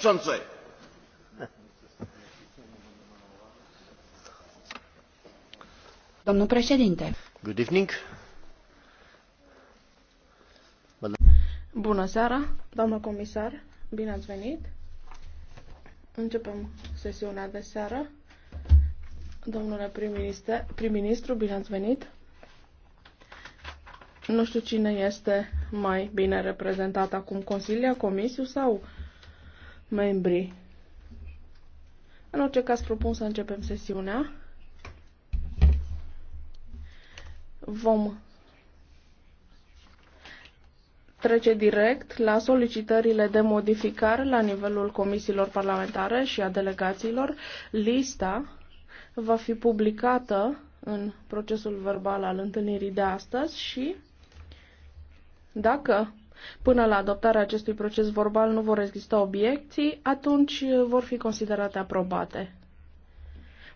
przewodniczący! Domnul președinte. Good evening. Bună seara, doamnă comisar. Bine ați venit. Începem sesiunea de seară. Domnule prim-ministru, prim bine ați venit. Nu știu cine este mai bine reprezentat acum, Consilia, Comisiu sau membrii. În orice caz propun să începem sesiunea. Vom trece direct la solicitările de modificare la nivelul comisiilor parlamentare și a delegațiilor. Lista va fi publicată în procesul verbal al întâlnirii de astăzi și dacă Până la adoptarea acestui proces verbal nu vor exista obiecții, atunci uh, vor fi considerate aprobate.